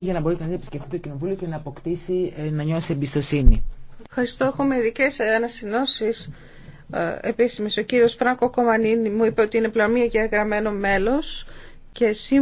για να μπορεί κανεί να επισκεφτεί το κοινοβούλιο και να αποκτήσει, ε, να νιώσει εμπιστοσύνη. Ευχαριστώ. Έχουμε μερικέ ε, ανασυνώσει ε, επίσημε. Ο κύριο Φράνκο Κομανίνη μου είπε ότι είναι πλέον γραμμένο μέλο και